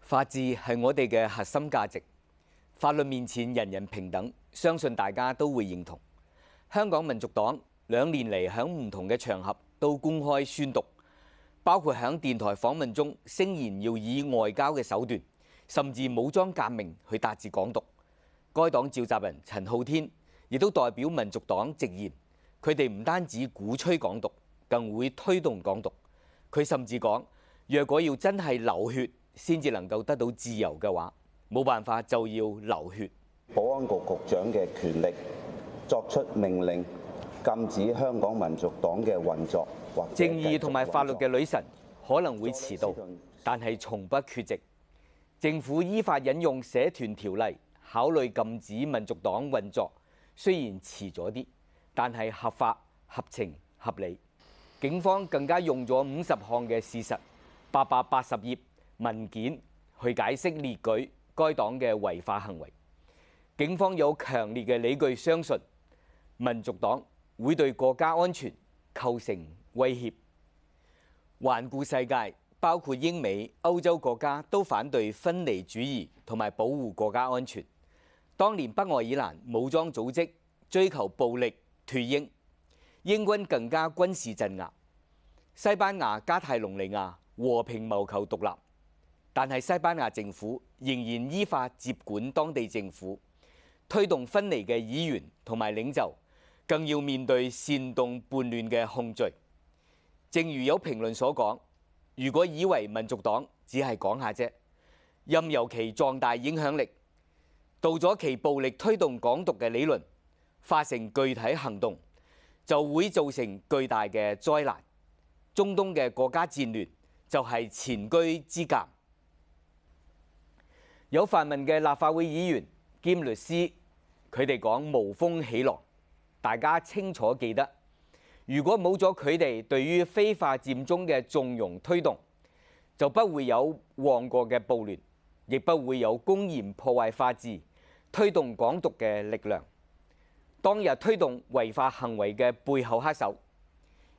法治係我哋嘅核心價值，法律面前人人平等，相信大家都會認同。香港民族黨兩年嚟，響唔同嘅場合都公開宣讀，包括響電台訪問中聲言要以外交嘅手段，甚至武裝革命去達至港獨。該黨召集人陳浩天。亦都代表民族黨直言，佢哋唔單止鼓吹港獨，更會推動港獨。佢甚至講，若果要真係流血先至能夠得到自由嘅話，冇辦法就要流血。保安局局長嘅權力作出命令，禁止香港民族黨嘅運作。正義同埋法律嘅女神可能會遲到，但係從不缺席。政府依法引用社團條例，考慮禁止民族黨運作。雖然遲咗啲，但係合法、合情、合理。警方更加用咗五十項嘅事實、八百八十頁文件去解釋列舉該黨嘅違法行為。警方有強烈嘅理據相信，民族黨會對國家安全構成威脅。環顧世界，包括英美、歐洲國家都反對分離主義同埋保護國家安全。當年北愛爾蘭武裝組織，追求暴力脫英，英軍更加軍事鎮壓。西班牙加泰隆尼亞和平謀求獨立，但係西班牙政府仍然依法接管當地政府，推動分離嘅議員同埋領袖，更要面對煽動叛亂嘅控罪。正如有評論所講，如果以為民族黨只係講下啫，任由其壯大影響力，到咗其暴力推動港獨嘅理論。化成具體行動，就會造成巨大嘅災難。中東嘅國家戰亂就係前車之鑑。有泛民嘅立法會議員兼律師他們說，佢哋講無風起浪，大家清楚記得。如果冇咗佢哋對於非法佔中嘅縱容推動，就不會有旺角嘅暴亂，亦不會有公然破壞法治、推動港獨嘅力量。當日推動違法行為嘅背後黑手，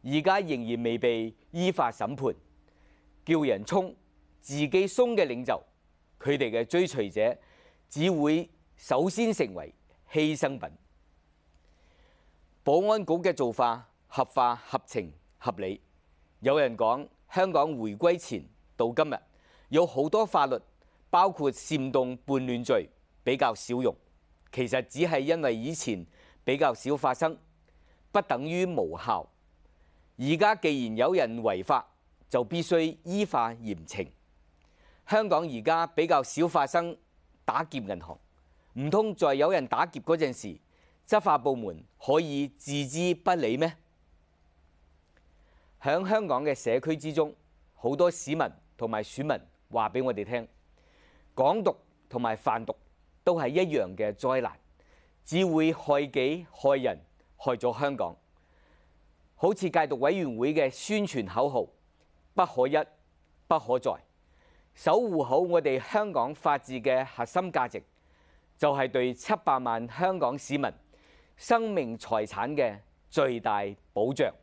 而家仍然未被依法審判。叫人衝自己鬆嘅領袖，佢哋嘅追隨者只會首先成為犧牲品。保安局嘅做法合法合情合理。有人講香港回歸前到今日有好多法律，包括煽動叛亂罪比較少用，其實只係因為以前。比較少發生，不等於無效。而家既然有人違法，就必須依法嚴懲。香港而家比較少發生打劫銀行，唔通在有人打劫嗰陣時，執法部門可以置之不理咩？喺香港嘅社區之中，好多市民同埋選民話俾我哋聽，港獨同埋販毒都係一樣嘅災難。只會害己、害人、害咗香港，好似戒毒委員會嘅宣傳口號：不可一、不可再，守護好我哋香港法治嘅核心價值，就係對七百萬香港市民生命財產嘅最大保障。